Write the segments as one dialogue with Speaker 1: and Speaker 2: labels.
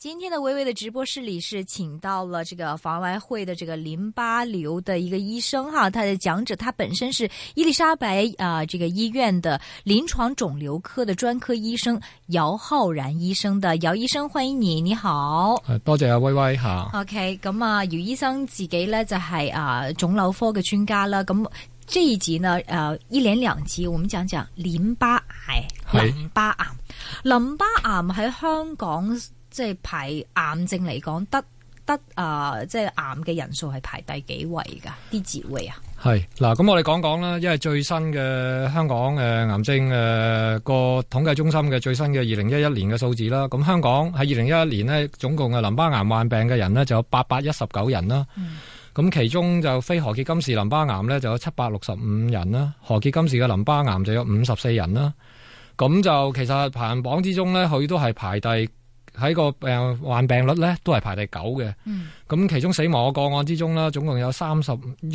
Speaker 1: 今天的薇薇的直播室裏是請到了這個防癌會的這個淋巴瘤的一個醫生哈、啊。他的講者，他本身是伊麗莎白啊、呃、這個醫院的臨床腫瘤科的專科醫生姚浩然醫生的姚醫生，醫生歡迎你，你好。
Speaker 2: 多謝啊，薇薇哈。
Speaker 1: OK，咁、嗯、啊，姚、呃、醫生自己呢，就係啊腫瘤科嘅專家啦。咁、嗯，這一集呢，咧、呃，一連兩集，我們講講淋巴癌、淋巴癌、淋是巴癌喺香港。即係排癌症嚟講，得得啊、呃，即係癌嘅人數係排第幾位噶啲職位啊？
Speaker 2: 係嗱，咁我哋講講啦，因為最新嘅香港誒癌症誒個、呃、統計中心嘅最新嘅二零一一年嘅數字啦。咁香港喺二零一一年呢，總共嘅淋巴癌患病嘅人呢就有八百一十九人啦。咁、嗯、其中就非何杰金氏淋巴癌呢就有七百六十五人啦，何杰金氏嘅淋巴癌就有五十四人啦。咁就，就其實排行榜之中呢，佢都係排第。喺個病患病率呢都係排第九嘅，咁、嗯、其中死亡嘅個案之中啦，總共有三十一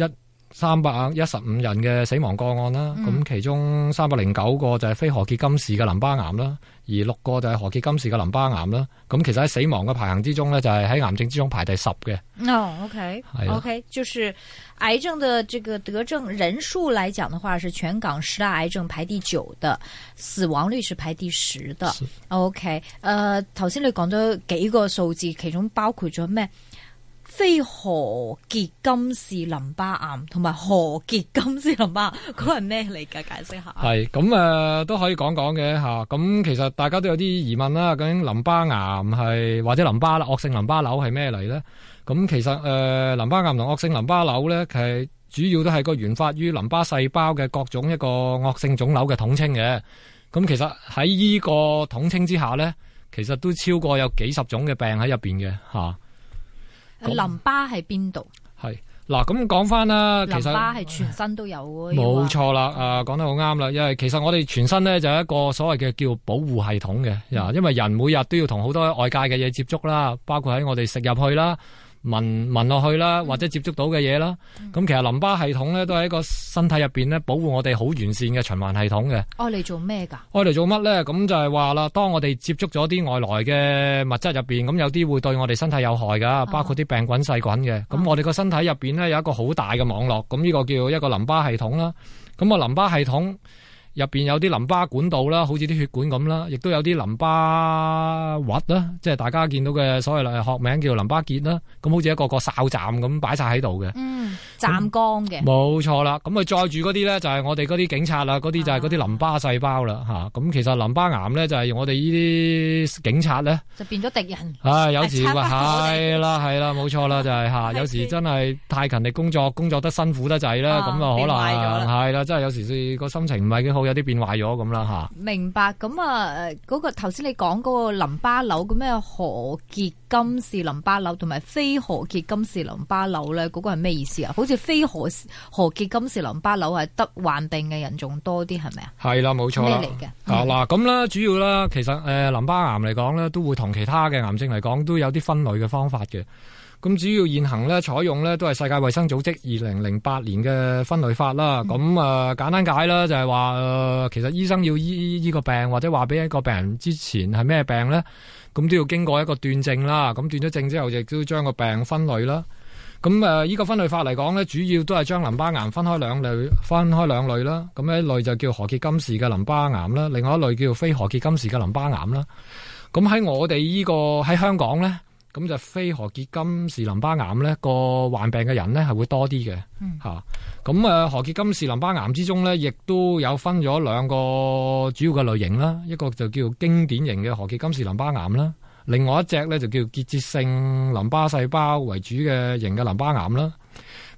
Speaker 2: 三百一十五人嘅死亡個案啦，咁、嗯、其中三百零九個就係非何潔金氏嘅淋巴癌啦。而六個就係何傑金氏嘅淋巴癌啦，咁其實喺死亡嘅排行之中呢，就係、是、喺癌症之中排第十嘅。
Speaker 1: 哦，OK，OK，okay, 的 okay, 就是癌症嘅，這個得症人數嚟講嘅話，是全港十大癌症排第九嘅，死亡率是排第十嘅。是 OK，誒、呃，頭先你講咗幾個數字，其中包括咗咩？非何傑金氏淋巴癌同埋何傑金氏淋巴，嗰個係咩嚟噶？解釋下。係
Speaker 2: 咁誒，都可以講講嘅吓。咁、啊、其實大家都有啲疑問啦。究竟淋巴癌係或者淋巴惡性淋巴瘤係咩嚟咧？咁其實誒、呃，淋巴癌同惡性淋巴瘤咧，其實主要都係個源發於淋巴細胞嘅各種一個惡性腫瘤嘅統稱嘅。咁、啊、其實喺呢個統稱之下咧，其實都超過有幾十種嘅病喺入邊嘅吓。啊
Speaker 1: 淋巴係邊度？
Speaker 2: 係嗱，咁講翻啦，其實淋巴
Speaker 1: 係全身都有嘅，冇
Speaker 2: 錯啦。啊，講、呃、得好啱啦，因為其實我哋全身咧就係一個所謂嘅叫保護系統嘅，嗯、因為人每日都要同好多外界嘅嘢接觸啦，包括喺我哋食入去啦。聞聞落去啦，或者接觸到嘅嘢啦，咁、嗯、其實淋巴系統咧都係一個身體入邊咧保護我哋好完善嘅循環系統嘅。
Speaker 1: 用嚟、哦、做咩噶？
Speaker 2: 用嚟做乜咧？咁就係話啦，當我哋接觸咗啲外來嘅物質入邊，咁有啲會對我哋身體有害噶，包括啲病菌細菌嘅。咁我哋個身體入邊咧有一個好大嘅網絡，咁呢個叫一個淋巴系統啦。咁個淋巴系統。入邊有啲淋巴管道啦，好似啲血管咁啦，亦都有啲淋巴核啦，What? 即係大家見到嘅所謂學名叫淋巴結啦。咁好似一個個哨站咁擺晒喺度嘅。
Speaker 1: 嗯，站崗嘅。冇
Speaker 2: 錯啦，咁佢載住嗰啲咧就係我哋嗰啲警察啦，嗰啲就係嗰啲淋巴細胞啦，吓、啊。咁其實淋巴癌咧就係我哋呢啲警察咧
Speaker 1: 就變咗敵人。唉、
Speaker 2: 哎，有時係啦，係啦，冇錯啦，就係、是、吓，啊、有時真係太勤力工作，工作得辛苦得滯啦，咁啊就可能係啦，真係有時個心情唔係幾好。有啲變壞咗咁啦吓，啊、
Speaker 1: 明白咁啊？嗰個頭先你講嗰個淋巴瘤個咩何杰金氏淋巴瘤同埋非何杰金氏淋巴瘤咧，嗰個係咩意思啊？好似非何何杰金氏淋巴瘤係得患病嘅人仲多啲係咪啊？
Speaker 2: 係啦，冇錯啊。啊嗱，咁啦，主要啦，其實誒、呃，淋巴癌嚟講咧，都會同其他嘅癌症嚟講，都有啲分類嘅方法嘅。咁主要現行咧採用咧都係世界衛生組織二零零八年嘅分類法啦。咁啊、嗯、簡單解啦，就係話其實醫生要醫依個病，或者話俾一個病人之前係咩病咧，咁都要經過一個斷症啦。咁斷咗症之後，亦都將個病分類啦。咁啊依個分類法嚟講咧，主要都係將淋巴癌分開兩類，分開兩類啦。咁一類就叫何傑金氏嘅淋巴癌啦，另外一類叫非何傑金氏嘅淋巴癌啦。咁喺我哋依、這個喺香港咧。咁就非何潔金氏淋巴癌咧，個患病嘅人咧係會多啲嘅嚇。咁啊，何潔金氏淋巴癌之中咧，亦都有分咗兩個主要嘅類型啦。一個就叫經典型嘅何潔金氏淋巴癌啦，另外一隻咧就叫結節性淋巴細胞為主嘅型嘅淋巴癌啦。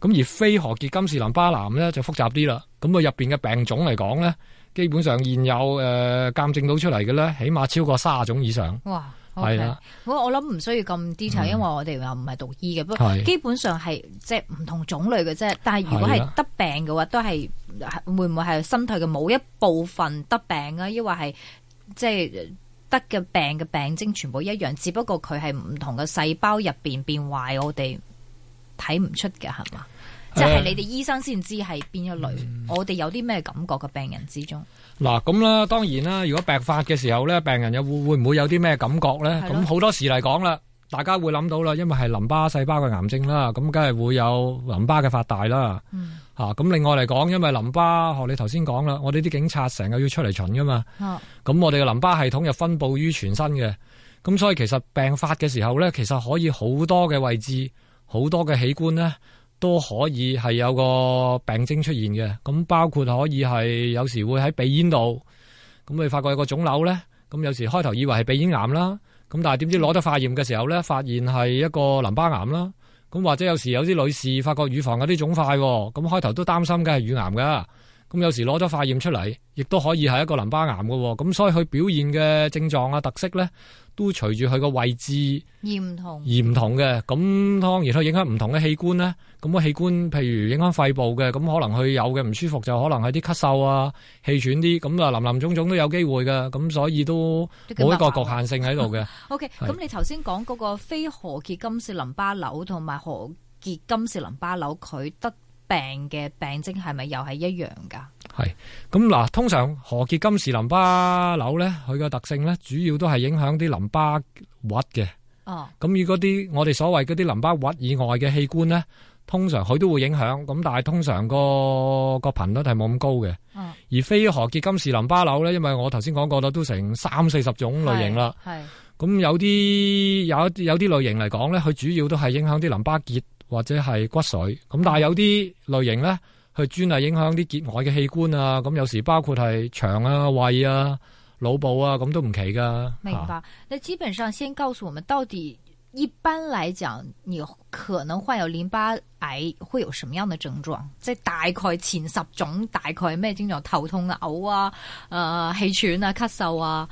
Speaker 2: 咁而非何潔金氏淋巴癌咧就複雜啲啦。咁啊，入面嘅病種嚟講咧，基本上現有誒、呃、鑑證到出嚟嘅咧，起碼超過卅種以上。
Speaker 1: 哇！係啦，okay, 的我我諗唔需要咁 detail，因為我哋又唔係讀醫嘅，嗯、不過基本上係即係唔同種類嘅啫。但係如果係得病嘅話，是的都係會唔會係身體嘅某一部分得病啊？抑或係即係得嘅病嘅病徵全部一樣，只不過佢係唔同嘅細胞入邊變壞，我哋睇唔出嘅係嘛？是即係你哋醫生先知係邊一類，我哋有啲咩感覺嘅病人之中。
Speaker 2: 嗱咁啦，當然啦，如果病發嘅時候咧，病人又會會唔會有啲咩感覺咧？咁好多時嚟講啦，大家會諗到啦，因為係淋巴細胞嘅癌症啦，咁梗係會有淋巴嘅發大啦。啊、嗯，咁另外嚟講，因為淋巴，何你頭先講啦，我哋啲警察成日要出嚟巡噶嘛。咁、嗯、我哋嘅淋巴系統又分布於全身嘅，咁所以其實病發嘅時候咧，其實可以好多嘅位置，好多嘅器官咧，都可以係有個病徵出現嘅，咁包括可以係有時會喺鼻咽度，咁你發覺有個腫瘤呢，咁有時開頭以為係鼻咽癌啦，咁但係點知攞得化驗嘅時候呢，發現係一個淋巴癌啦，咁或者有時有啲女士發覺乳房有啲腫塊，咁開頭都擔心嘅係乳癌㗎。咁有時攞咗化驗出嚟，亦都可以係一個淋巴癌嘅，咁所以佢表現嘅症狀啊、特色咧，都隨住佢個位置而唔同，同，而唔同嘅。咁當然佢影響唔同嘅器官呢，咁個器官譬如影響肺部嘅，咁可能佢有嘅唔舒服就可能係啲咳嗽啊、氣喘啲，咁啊林林總總都有機會嘅。咁所以都冇一個局限性喺度嘅。
Speaker 1: OK，咁你頭先講嗰個非何傑金氏淋巴瘤同埋何傑金氏淋巴瘤，佢得。病嘅病徵係咪又係一樣噶？
Speaker 2: 係，咁嗱，通常何傑金氏淋巴瘤咧，佢嘅特性咧，主要都係影響啲淋巴核嘅。哦，咁如果啲我哋所謂嗰啲淋巴核以外嘅器官咧，通常佢都會影響。咁但係通常個個頻率係冇咁高嘅。哦，而非何傑金氏淋巴瘤咧，因為我頭先講過咗都成三四十種類型啦。係，咁有啲有有啲類型嚟講咧，佢主要都係影響啲淋巴結或者係骨髓，咁但係有啲類型咧，去專係影響啲結外嘅器官啊，咁有時包括係腸啊、胃啊、腦部啊，咁都唔奇噶。明白？啊、
Speaker 1: 那基本上先告訴我們，到底一般嚟講，你可能患有淋巴癌會有什麼樣嘅症狀？即係大概前十種，大概咩症狀？頭痛啊、嘔啊、誒、呃、氣喘啊、咳嗽啊。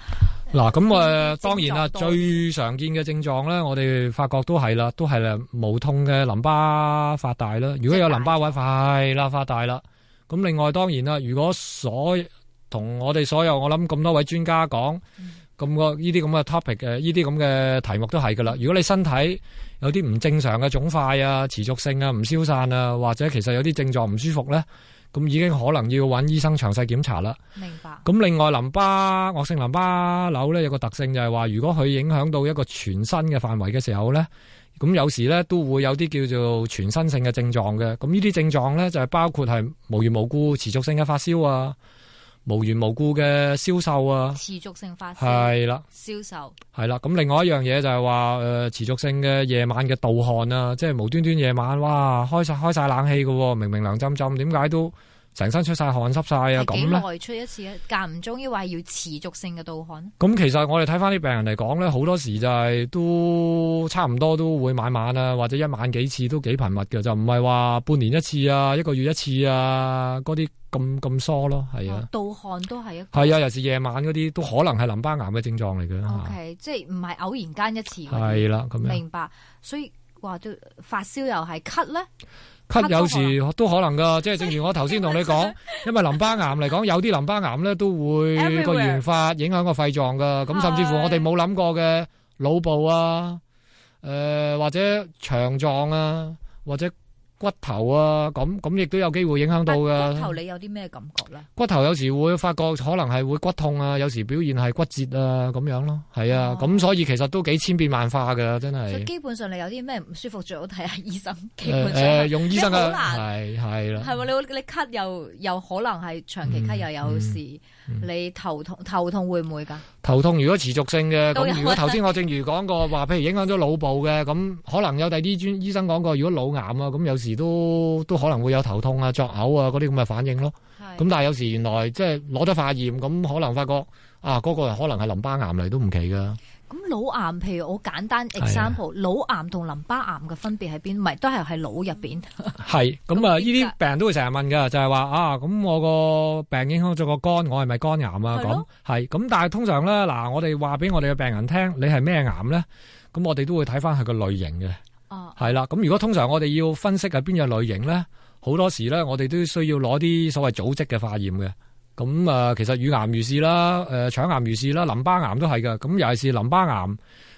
Speaker 2: 嗱，咁啊，當然啦，最常見嘅症狀咧，我哋發覺都係啦，都係咧無痛嘅淋巴發大啦。如果有淋巴腫塊啦發大啦，咁另外當然啦，如果所同我哋所有我諗咁多位專家講咁個呢啲咁嘅 topic 呢啲咁嘅題目都係㗎啦。如果你身體有啲唔正常嘅腫塊啊，持續性啊，唔消散啊，或者其實有啲症狀唔舒服咧。咁已經可能要搵醫生詳細檢查啦。明白。咁另外淋巴惡性淋巴瘤呢，有個特性就係話，如果佢影響到一個全身嘅範圍嘅時候呢，咁有時呢都會有啲叫做全身性嘅症狀嘅。咁呢啲症狀呢，就係包括係無緣無故持續性嘅發燒啊。無緣無故嘅消瘦啊，持續性發燒，係啦，消瘦係啦。咁另外一樣嘢，就係話，誒，持續性嘅夜晚嘅盜汗啊，即係無端端夜晚，哇，開晒開晒冷氣嘅，啊，明明涼浸浸，點解都？成身出晒汗，濕晒啊，咁耐
Speaker 1: 多出一次咧？間唔中，亦話要持續性嘅盜汗。
Speaker 2: 咁其實我哋睇翻啲病人嚟講咧，好多時就係都差唔多都會晚晚啊，或者一晚幾次都幾頻密嘅，就唔係話半年一次啊，一個月一次啊，嗰啲咁咁疏咯，係啊。盜、哦、汗都係啊。係啊，尤其是夜晚嗰啲都可能係淋巴癌嘅症狀嚟嘅。O、okay, K，即
Speaker 1: 係唔係偶然間一次。係啦，咁樣。明白，嗯、所以話都發燒又係咳咧。
Speaker 2: 咳，有時都可能噶，即係正如我頭先同你講， 因為淋巴癌嚟講，有啲淋巴癌咧都會個原發影響個肺臟噶，咁甚至乎我哋冇諗過嘅腦部啊，誒、呃、或者腸臟啊，或者。骨頭啊，咁咁亦都有機會影響到噶、啊。骨頭
Speaker 1: 你有啲咩感覺咧？
Speaker 2: 骨頭有時會發覺可能係會骨痛啊，有時表現係骨折啊咁樣咯，係啊。咁、啊啊、所以其實都幾千變萬化噶，真係。基
Speaker 1: 本上你有啲咩唔舒服，最好睇下、啊、醫生。誒誒、呃呃，用醫生噶係
Speaker 2: 係啦。係咪
Speaker 1: 你你，你咳又又可能係長期咳又有事？嗯嗯你頭痛頭痛會唔會㗎？
Speaker 2: 頭痛如果持續性嘅，咁如果頭先我正如講過話，譬如影響咗腦部嘅，咁可能有第啲專醫生講過，如果腦癌啊，咁有時都都可能會有頭痛啊、作嘔啊嗰啲咁嘅反應咯。咁是的 但係有時原來即係攞咗化驗，咁可能發覺啊，嗰、嗰個可能係淋巴癌嚟都唔奇㗎。
Speaker 1: 咁腦癌，譬如好簡單 example，腦癌同淋巴癌嘅分別喺邊？唔係都係喺腦入邊。
Speaker 2: 係咁啊！呢啲病人都會成日問㗎，就係話啊，咁我個病影響咗個肝，我係咪肝癌啊？咁係咁，但係通常咧，嗱，我哋話俾我哋嘅病人聽，你係咩癌咧？咁我哋都會睇翻佢個類型嘅。哦，係啦。咁如果通常我哋要分析係邊隻類型咧，好多時咧，我哋都需要攞啲所謂組織嘅化驗嘅。咁啊，其實乳癌如是啦，誒，腸癌如是啦，淋巴癌都係嘅。咁尤其是淋巴癌，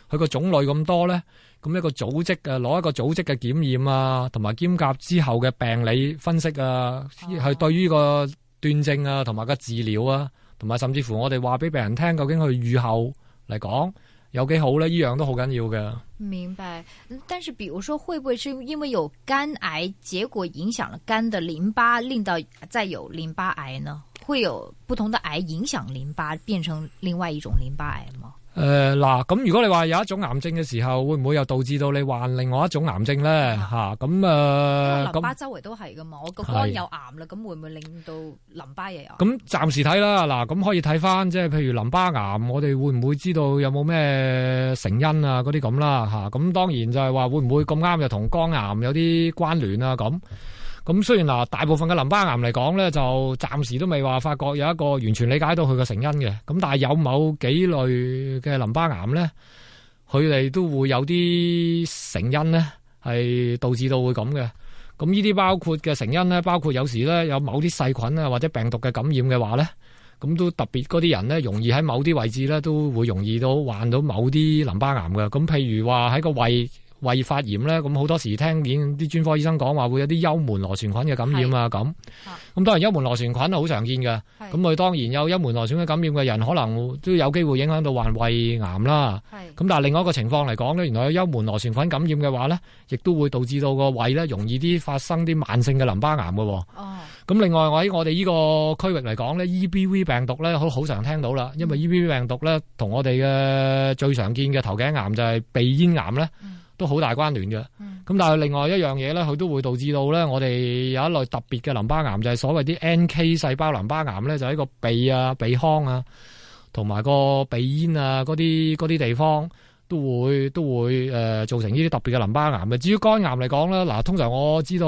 Speaker 2: 佢個種類咁多咧。咁一個組織誒，攞一個組織嘅檢驗啊，同埋兼夾之後嘅病理分析啊，係對於個斷症啊，同埋個治療啊，同埋甚至乎我哋話俾病人聽，究竟佢預後嚟講有幾好咧？呢樣都好緊要嘅。
Speaker 1: 明白，但是，比如說，會唔會是因為有肝癌，結果影響了肝嘅淋巴，令到再有淋巴癌呢？會有不同的癌影響淋巴，變成另外一種淋巴癌
Speaker 2: 嗎？誒、呃，嗱，咁如果你話有一種癌症嘅時候，會唔會又導致到你患另外一種癌症咧？吓，咁誒，淋巴
Speaker 1: 周圍都係噶嘛，我個肝有癌啦，咁會唔會令到淋巴又有？
Speaker 2: 咁暫、嗯嗯、時睇啦，嗱，咁可以睇翻，即係譬如淋巴癌，我哋會唔會知道有冇咩成因啊？嗰啲咁啦，吓、啊，咁、啊、當然就係話會唔會咁啱又同肝癌有啲關聯啊？咁。咁雖然嗱，大部分嘅淋巴癌嚟講咧，就暫時都未話發覺有一個完全理解到佢個成因嘅。咁但係有某幾類嘅淋巴癌咧，佢哋都會有啲成因咧，係導致到會咁嘅。咁呢啲包括嘅成因咧，包括有時咧，有某啲細菌啊或者病毒嘅感染嘅話咧，咁都特別嗰啲人咧，容易喺某啲位置咧都會容易到患到某啲淋巴癌㗎。咁譬如話喺個胃，胃發炎咧，咁好多時聽見啲專科醫生講話，會有啲幽門螺旋菌嘅感染啊，咁咁是當然幽門螺旋菌係好常見嘅，咁佢是當然有幽門螺旋菌感染嘅人，可能都有機會影響到患胃癌啦。咁是但係另外一個情況嚟講咧，原來有幽門螺旋菌感染嘅話咧，亦都會導致到個胃咧容易啲發生啲慢性嘅淋巴癌嘅。咁、哦、另外我喺我哋呢個區域嚟講咧，EBV 病毒咧好好常聽到啦，因為 EBV 病毒咧同我哋嘅最常見嘅頭頸癌就係鼻咽癌咧。嗯都好大關聯嘅，咁、嗯、但係另外一樣嘢咧，佢都會導致到咧，我哋有一類特別嘅淋巴癌，就係、是、所謂啲 NK 細胞淋巴癌咧，就喺、是、個鼻啊、鼻腔啊，同埋個鼻煙啊嗰啲嗰啲地方都會都會誒、呃、造成呢啲特別嘅淋巴癌。至於肝癌嚟講咧，嗱通常我知道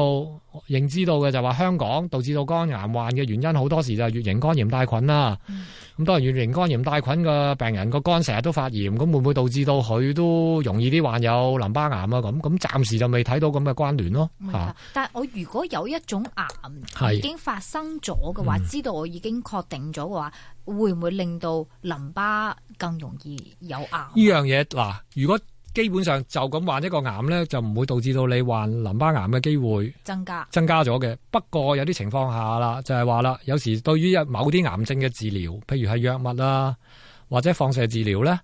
Speaker 2: 認知到嘅就話香港導致到肝癌患嘅原因，好多時就係乙型肝炎帶菌啦、啊。嗯咁多人乙型肝炎帶菌嘅病人，個肝成日都發炎，咁會唔會導致到佢都容易啲患有淋巴癌啊？咁咁暫時就未睇到咁嘅關聯咯。嚇的！啊、
Speaker 1: 但係我如果有一種癌已經發生咗嘅話，是知道我已經確定咗嘅話，嗯、會唔會令到淋巴更容易有癌？
Speaker 2: 呢樣嘢嗱，如果基本上就咁患一個癌呢，就唔會導致到你患淋巴癌嘅機會增加，增加咗嘅。不過有啲情況下啦，就係話啦，有時對於一某啲癌症嘅治療，譬如係藥物啊，或者放射治療呢，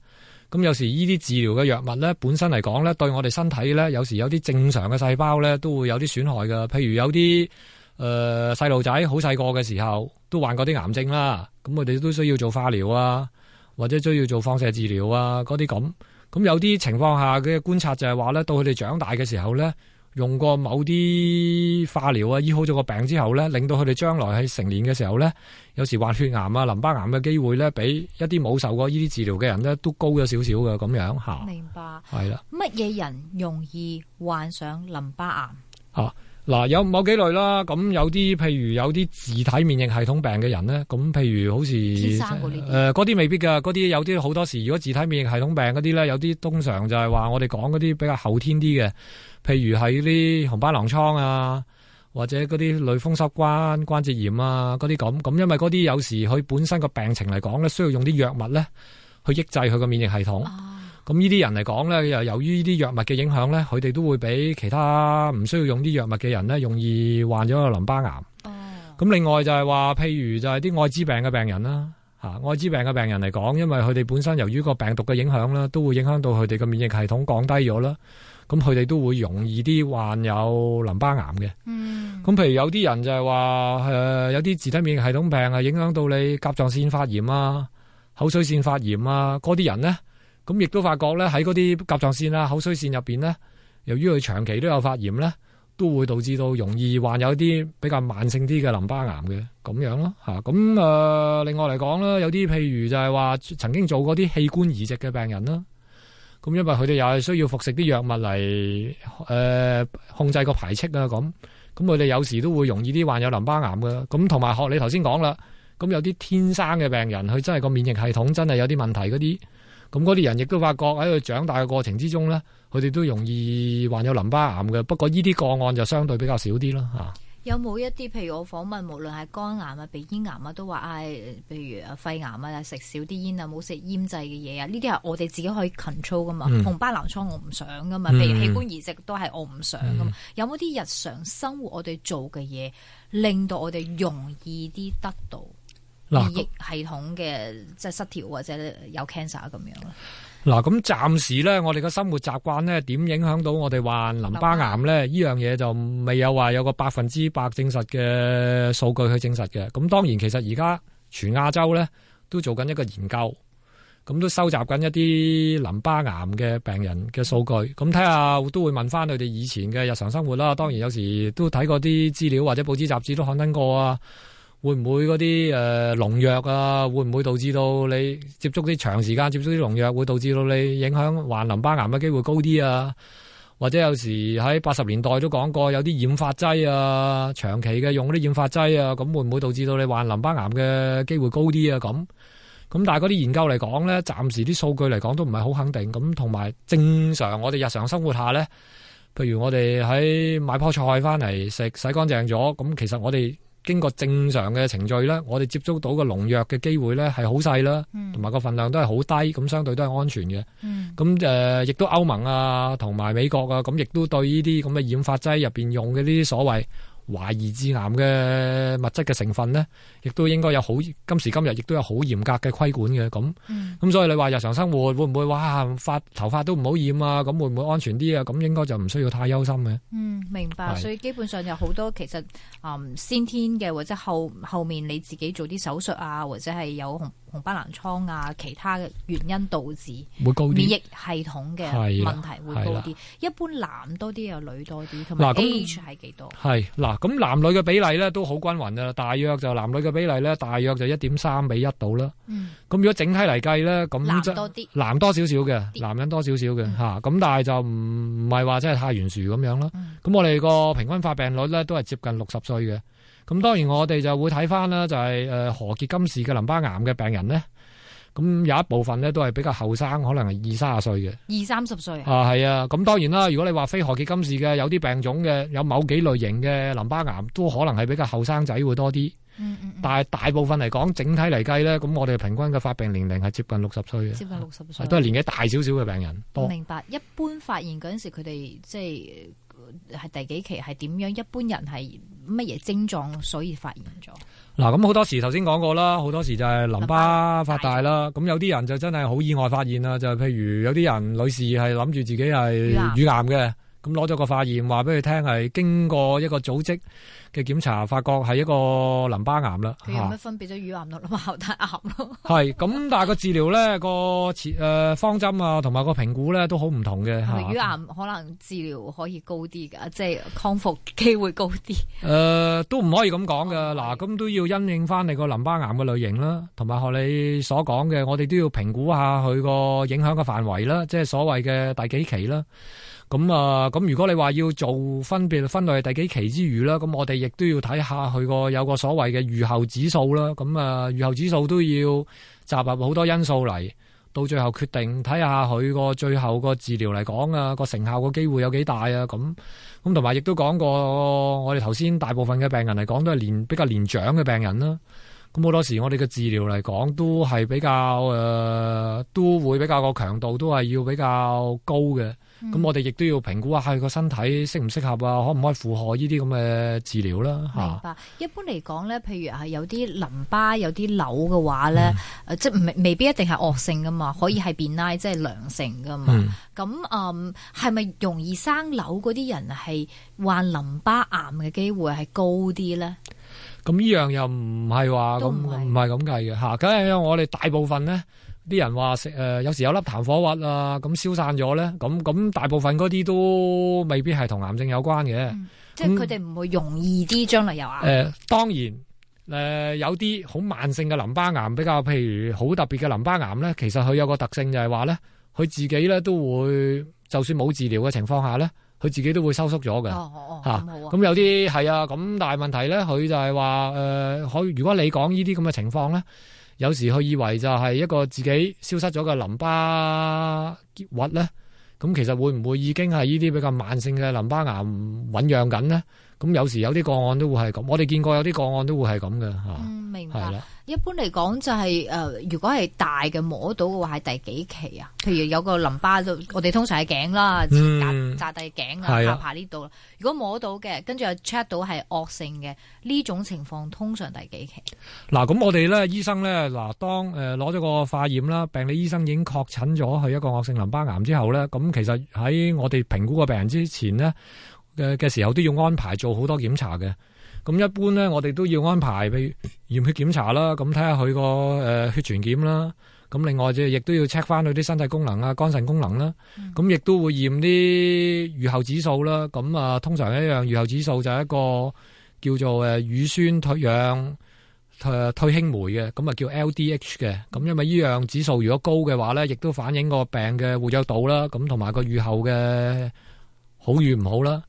Speaker 2: 咁有時呢啲治療嘅藥物呢，本身嚟講呢，對我哋身體呢，有時有啲正常嘅細胞呢，都會有啲損害嘅。譬如有啲誒細路仔好細個嘅時候都患過啲癌症啦，咁我哋都需要做化療啊，或者需要做放射治療啊，嗰啲咁。咁有啲情況下佢嘅觀察就係話咧，到佢哋長大嘅時候咧，用過某啲化療啊，醫好咗個病之後咧，令到佢哋將來喺成年嘅時候咧，有時患血癌啊、淋巴癌嘅機會咧，比一啲冇受過呢啲治療嘅人咧，都高咗少少嘅咁樣嚇。明白。係啦
Speaker 1: 的。乜嘢人容易患上淋巴癌？
Speaker 2: 啊！嗱，有某幾類啦，咁有啲，譬如有啲自體免疫系統病嘅人咧，咁譬如好似嗰啲，誒，啲、呃、未必噶，嗰啲有啲好多時，如果自體免疫系統病嗰啲咧，有啲通常就係話我哋講嗰啲比較後天啲嘅，譬如係啲紅斑狼瘡啊，或者嗰啲類風濕關關節炎啊，嗰啲咁，咁因為嗰啲有時佢本身個病情嚟講咧，需要用啲藥物咧去抑制佢個免疫系統。啊咁呢啲人嚟講咧，由於呢啲藥物嘅影響咧，佢哋都會比其他唔需要用啲藥物嘅人咧，容易患咗個淋巴癌。咁、哦、另外就係話，譬如就係啲艾滋病嘅病人啦，吓艾滋病嘅病人嚟講，因為佢哋本身由於個病毒嘅影響啦，都會影響到佢哋嘅免疫系統降低咗啦。咁佢哋都會容易啲患有淋巴癌嘅。咁、嗯、譬如有啲人就係話誒，有啲自體免疫系統病啊，影響到你甲狀腺發炎啊、口水腺發炎啊，嗰啲人呢。咁亦都發覺咧，喺嗰啲甲狀腺啦、口水腺入邊咧，由於佢長期都有發炎咧，都會導致到容易患有啲比較慢性啲嘅淋巴癌嘅咁樣咯吓咁、啊、另外嚟講啦，有啲譬如就係話曾經做過啲器官移植嘅病人啦，咁因為佢哋又係需要服食啲藥物嚟、呃、控制個排斥啊，咁咁佢哋有時都會容易啲患有淋巴癌嘅。咁同埋學你頭先講啦，咁有啲天生嘅病人，佢真係個免疫系統真係有啲問題嗰啲。咁嗰啲人亦都發覺喺佢長大嘅過程之中咧，佢哋都容易患有淋巴癌嘅。不過呢啲個案就相對比較少啲咯吓。
Speaker 1: 啊、有冇一啲譬如我訪問，無論係肝癌啊、鼻咽癌啊，都話唉，譬、哎、如啊，肺癌啊，食少啲煙啊，冇食醃製嘅嘢啊，呢啲係我哋自己可以 control 噶嘛。嗯、紅斑狼瘡我唔想噶嘛，譬如器官移植都係我唔想噶嘛。嗯、有冇啲日常生活我哋做嘅嘢，令到我哋容易啲得到？免疫系統嘅即係失調或者有 cancer 咁樣。
Speaker 2: 嗱，咁暫時咧，我哋嘅生活習慣咧點影響到我哋患淋巴癌咧？呢樣嘢就未有話有個百分之百證實嘅數據去證實嘅。咁當然其實而家全亞洲咧都做緊一個研究，咁都收集緊一啲淋巴癌嘅病人嘅數據，咁睇下都會問翻佢哋以前嘅日常生活啦。當然有時都睇過啲資料或者報紙雜誌都刊登過啊。會唔會嗰啲誒農藥啊？會唔會導致到你接觸啲長時間接觸啲農藥，會導致到你影響患淋巴癌嘅機會高啲啊？或者有時喺八十年代都講過，有啲染髮劑啊，長期嘅用嗰啲染髮劑啊，咁會唔會導致到你患淋巴癌嘅機會高啲啊？咁咁但係嗰啲研究嚟講呢，暫時啲數據嚟講都唔係好肯定。咁同埋正常我哋日常生活下呢，譬如我哋喺買棵菜翻嚟食，洗乾淨咗，咁其實我哋。經過正常嘅程序咧，我哋接觸到個農藥嘅機會咧係好細啦，同埋個份量都係好低，咁相對都係安全嘅。咁誒、嗯呃，亦都歐盟啊，同埋美國啊，咁亦都對呢啲咁嘅染髮劑入邊用嘅呢啲所謂。懷疑致癌嘅物質嘅成分呢，亦都應該有好，今時今日亦都有好嚴格嘅規管嘅，咁咁、嗯、所以你話日常生活會唔會哇髮頭髮都唔好染啊？咁會唔會安全啲啊？咁應該就唔需要太憂心嘅。嗯，
Speaker 1: 明白。是所以基本上有好多其實啊、嗯、先天嘅或者後後面你自己做啲手術啊，或者係有紅。紅斑狼瘡啊，其他嘅原因導致免疫系統嘅問題會高啲。一般男多啲又女多啲？同埋 H 係幾、啊嗯、多？
Speaker 2: 係嗱，咁男女嘅比例咧都好均勻啦，大約就男女嘅比例咧大約就一點三比一度啦。咁、嗯、如果整體嚟計咧，咁男多啲，男多少少嘅男人多少少嘅嚇。咁、嗯啊、但係就唔唔係話真係太懸殊咁樣啦。咁、嗯、我哋個平均發病率咧都係接近六十歲嘅。咁當然我哋就會睇翻啦，就係誒何潔金氏嘅淋巴癌嘅病人咧，咁有一部分咧都係比較後生，可能係二三十歲嘅。
Speaker 1: 二三十歲
Speaker 2: 啊？啊，係啊！咁當然啦，如果你話非何潔金氏嘅有啲病種嘅，有某幾類型嘅淋巴癌，都可能係比較後生仔會多啲。嗯嗯嗯。但係大部分嚟講，整體嚟計咧，咁我哋平均嘅發病年齡係接近六十歲嘅。接近六十歲。都係年紀大少少嘅病人多。我明
Speaker 1: 白。一般發現嗰陣時，佢哋即係。係第幾期？係點樣？一般人係乜嘢症狀？所以發現咗
Speaker 2: 嗱。啊，咁好多時頭先講過啦，好多時就係淋巴發大啦。咁宗有啲人就真係好意外發現啦，就係譬如有啲人女士係諗住自己係乳癌嘅。咁攞咗個化驗，話俾佢聽係經過一個組織嘅檢查，發覺係一個淋巴癌啦。佢有乜
Speaker 1: 分別咗乳癌同淋巴癌啊？
Speaker 2: 係咁，但係 個治療咧個誒方針啊，評同埋個評估咧都好唔同嘅。乳
Speaker 1: 癌可能治療可以高啲㗎，啊、即係康復機會高啲。誒、
Speaker 2: 呃，都唔可以咁講㗎。嗱、哦，咁都要因應翻你個淋巴癌嘅類型啦，同埋學你所講嘅，我哋都要評估下佢個影響嘅範圍啦，即係所謂嘅第幾期啦。咁啊，咁如果你話要做分別分類第幾期之餘啦，咁我哋亦都要睇下佢個有個所謂嘅預後指數啦。咁啊，預後指數都要集合好多因素嚟，到最後決定睇下佢個最後個治療嚟講啊，個成效個機會有幾大啊？咁咁同埋亦都講過，我哋頭先大部分嘅病人嚟講都係年比較年長嘅病人啦。咁好多時，我哋嘅治療嚟講，都係比較誒、呃，都會比較個強度，都係要比較高嘅。咁、嗯、我哋亦都要評估下，係個身體適唔適合啊，可唔可以負荷呢啲咁嘅治療啦？明白。啊、
Speaker 1: 一般嚟講咧，譬如係有啲淋巴有啲瘤嘅話咧，誒、嗯，即係未未必一定係惡性噶嘛，可以係變 e 即係良性噶嘛。咁嗯，係咪、嗯、容易生瘤嗰啲人係患淋巴癌嘅機會係高啲咧？
Speaker 2: 咁呢樣又唔係話咁，唔係咁計嘅吓，梗係我哋大部分咧，啲人話食誒，有時有粒痰火核啊，咁消散咗咧，咁咁大部分嗰啲都未必係同癌症有關嘅，嗯，即
Speaker 1: 係佢哋唔會容易啲將來有癌。誒、呃，
Speaker 2: 當然誒、呃，有啲好慢性嘅淋巴癌，比較譬如好特別嘅淋巴癌咧，其實佢有個特性就係話咧，佢自己咧都會，就算冇治療嘅情況下咧。佢自己都會收縮咗嘅，嚇咁有啲係啊，咁但係問題咧，佢就係話誒，可如果你講呢啲咁嘅情況咧，有時佢以為就係一個自己消失咗嘅淋巴結核咧，咁其實會唔會已經係呢啲比較慢性嘅淋巴癌醞釀緊咧？咁有時有啲個案都會係咁，我哋見過有啲個案都會係咁嘅嚇，明係啦。
Speaker 1: 一般嚟講就係、是、誒、呃，如果係大嘅摸到嘅話，係第幾期啊？譬如有個淋巴，我哋通常喺頸啦、嗯，扎扎低頸啊，下巴呢度。的如果摸到嘅，跟住又 check 到係惡性嘅呢種情況，通常是第幾期？
Speaker 2: 嗱，咁我哋咧醫生咧，嗱，當誒攞咗個化驗啦，病理醫生已經確診咗係一個惡性淋巴癌之後咧，咁其實喺我哋評估個病人之前呢嘅嘅時候，都要安排做好多檢查嘅。咁一般咧，我哋都要安排，譬如驗血檢查啦，咁睇下佢個誒血全檢啦。咁另外就亦都要 check 翻佢啲身體功能啊，肝腎功能啦。咁亦都會驗啲預後指數啦。咁啊，通常一樣預後指數就係一個叫做誒乳酸脱氧誒脱氫酶嘅，咁啊叫 LDH 嘅。咁因為呢樣指數如果高嘅話咧，亦都反映個病嘅活躍度啦，咁同埋個預後嘅好與唔好啦。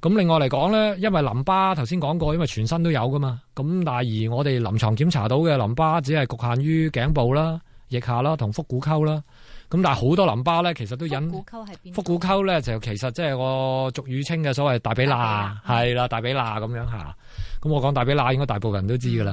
Speaker 2: 咁另外嚟講咧，因為淋巴頭先講過，因為全身都有噶嘛。咁但係而我哋臨床檢查到嘅淋巴，只係局限於頸部啦、腋下啦、同腹股溝啦。咁但係好多淋巴咧，其實都隱腹股溝咧，就其實即係個俗語稱嘅所謂大比乸，係啦、啊啊，大比乸咁樣吓。咁 我講大比乸，應該大部分人都知噶啦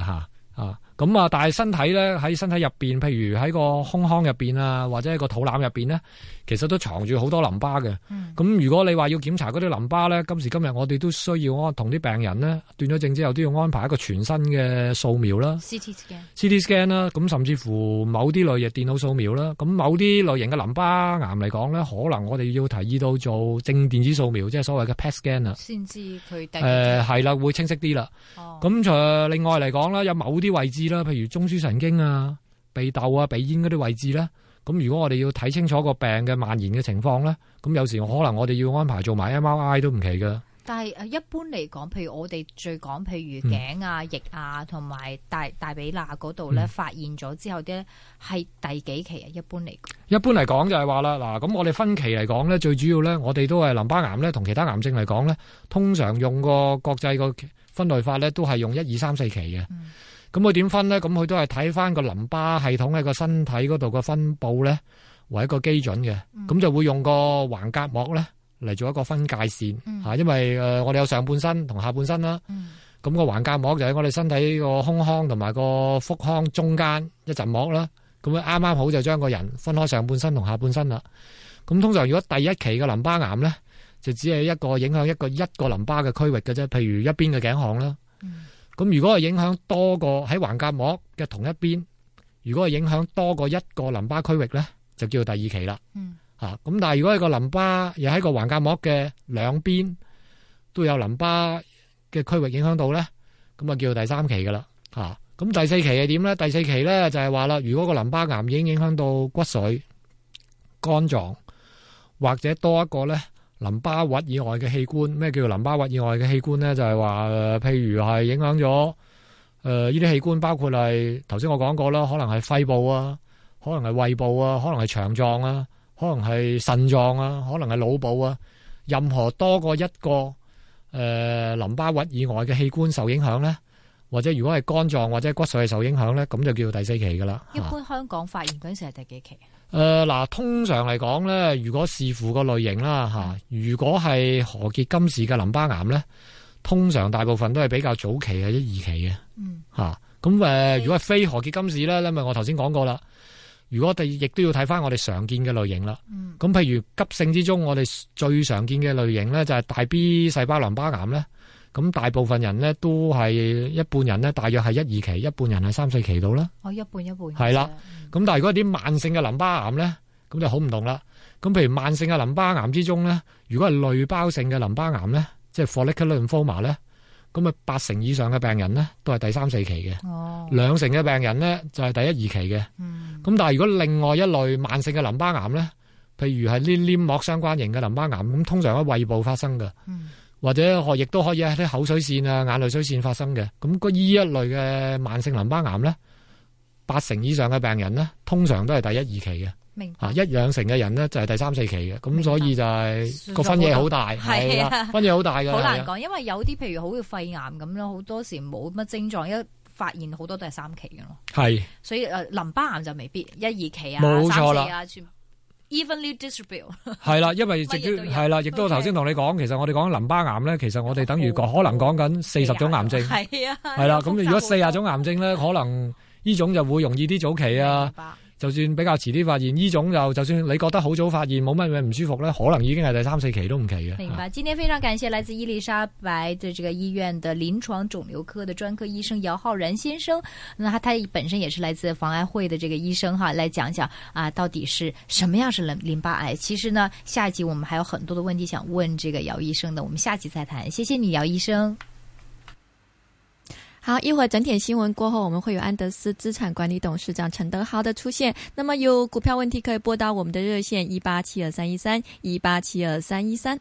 Speaker 2: 吓。咁啊，但係身體咧，喺身體入邊，譬如，喺個胸腔入邊啊，或者個肚腩入邊咧，其實都藏住好多淋巴嘅。咁、嗯、如果你話要檢查嗰啲淋巴咧，今時今日我哋都需要安同啲病人咧，斷咗症之後都要安排一個全身嘅掃描啦。CT scan。CT scan 啦，咁甚至乎某啲類、類型電腦掃描啦，咁某啲類型嘅淋巴癌嚟講咧，可能我哋要提議到做正電子掃描，即係所謂嘅 PET scan 啊。先至佢。誒係啦，會清晰啲啦。哦。咁誒，另外嚟講啦，有某啲位置。啦，譬如中樞神經啊、鼻竇啊、鼻咽嗰啲位置咧，咁如果我哋要睇清楚個病嘅蔓延嘅情況咧，咁有時候可能我哋要安排做埋 M R I 都唔奇噶。
Speaker 1: 但係誒，一般嚟講，譬如我哋最講，譬如頸啊、翼啊，同埋大大髀罅嗰度咧，發現咗之後啲咧係第幾期啊？一般嚟講，
Speaker 2: 一般嚟講就係話啦嗱，咁我哋分期嚟講咧，最主要咧，我哋都係淋巴癌咧，同其他癌症嚟講咧，通常用個國際個分類法咧，都係用一二三四期嘅。咁佢點分咧？咁佢都係睇翻個淋巴系統喺個身體嗰度嘅分布咧，為一個基準嘅，咁、嗯、就會用個橫隔膜咧嚟做一個分界線、嗯、因為我哋有上半身同下半身啦，咁、嗯、個橫隔膜就喺我哋身體個胸腔同埋個腹腔中間一陣膜啦。咁佢啱啱好就將個人分開上半身同下半身啦。咁通常如果第一期嘅淋巴癌咧，就只係一個影響一個一個淋巴嘅區域嘅啫，譬如一邊嘅頸項啦。嗯咁如果係影響多個喺橫膈膜嘅同一邊，如果係影響多過一個淋巴區域咧，就叫做第二期啦。嗯，嚇咁，但係如果個淋巴又喺個橫膈膜嘅兩邊都有淋巴嘅區域影響到咧，咁啊叫做第三期噶啦。嚇咁第四期係點咧？第四期咧就係話啦，如果個淋巴癌已經影響到骨髓、肝臟或者多一個咧。淋巴核以外嘅器官咩叫做淋巴核以外嘅器官咧？就係話譬如係影響咗誒呢啲器官，包括係頭先我講過啦，可能係肺部啊，可能係胃部啊，可能係腸臟啊，可能係腎臟啊，可能係腦部啊，任何多過一個誒、呃、淋巴核以外嘅器官受影響咧，或者如果係肝臟或者骨髓係受影響咧，咁就叫做第四期噶啦。
Speaker 1: 一般香港發現嗰陣時係第幾
Speaker 2: 期？誒，嗱、呃，通常嚟講咧，如果視乎個類型啦，吓、嗯，如果係何杰金氏嘅淋巴癌咧，通常大部分都係比較早期嘅一二期嘅，吓、嗯，咁誒、啊，如果係非何杰金氏咧，因為、嗯、我頭先講過啦，如果第，亦都要睇翻我哋常見嘅類型啦，咁、嗯、譬如急性之中，我哋最常見嘅類型咧就係大 B 細胞淋巴癌咧。咁大部分人咧都係一半人咧，大約係一二期，一半人係三四期到啦。哦，一半一半。係啦的，咁、嗯、但係嗰啲慢性嘅淋巴癌咧，咁就好唔同啦。咁譬如慢性嘅淋巴癌之中咧，如果係濾泡性嘅淋巴癌咧，即、就、係、是、follicular lymphoma 咧，咁啊八成以上嘅病人咧都係第三四期嘅。哦。兩成嘅病人咧就係第一二期嘅。嗯。咁但係如果另外一類慢性嘅淋巴癌咧，譬如係黏黏膜相關型嘅淋巴癌，咁通常喺胃部發生嘅。嗯。或者亦都可以喺啲口水腺啊、眼淚水腺發生嘅，咁嗰依一類嘅慢性淋巴癌咧，八成以上嘅病人咧，通常都係第一二期嘅，明白，一兩成嘅人咧就係第三四期嘅，咁白所以就係個分野好大，係啊，分野好大嘅，好的難講，
Speaker 1: 因為有啲譬如好似肺癌咁咯，好多時冇乜症狀，一發現好多都係三期嘅咯，
Speaker 2: 係是，
Speaker 1: 所以誒淋巴癌就未必一二期啊，冇錯啦，三四啊，全 evenly distribute
Speaker 2: 係啦，因為直接係啦，亦都頭先同你講，其實我哋講淋巴癌咧，其實我哋等於講可能講緊四十種癌症
Speaker 1: 係啊，係啦，
Speaker 2: 咁如果四十種癌症咧，可能呢種就會容易啲早期啊。嗯就算比較遲啲發現，呢種就就算你覺得好早發現冇乜嘢唔舒服呢，可能已經係第三四期都唔奇嘅。明
Speaker 1: 白。今天非常感謝來自伊麗莎白的這個醫院的臨床腫瘤科的專科醫生姚浩然先生，那他他本身也是來自防癌會的這個醫生哈，來講講啊到底是什麼樣是淋淋巴癌。其實呢，下一集我們還有很多的問題想問這個姚醫生的，我們下集再談。謝謝你，姚醫生。好，一會兒整點新聞過後，我們會有安德斯資產管理董事長陳德豪的出現。那麼，有股票問題可以撥打我們的熱線一八七二三一三一八七二三一三。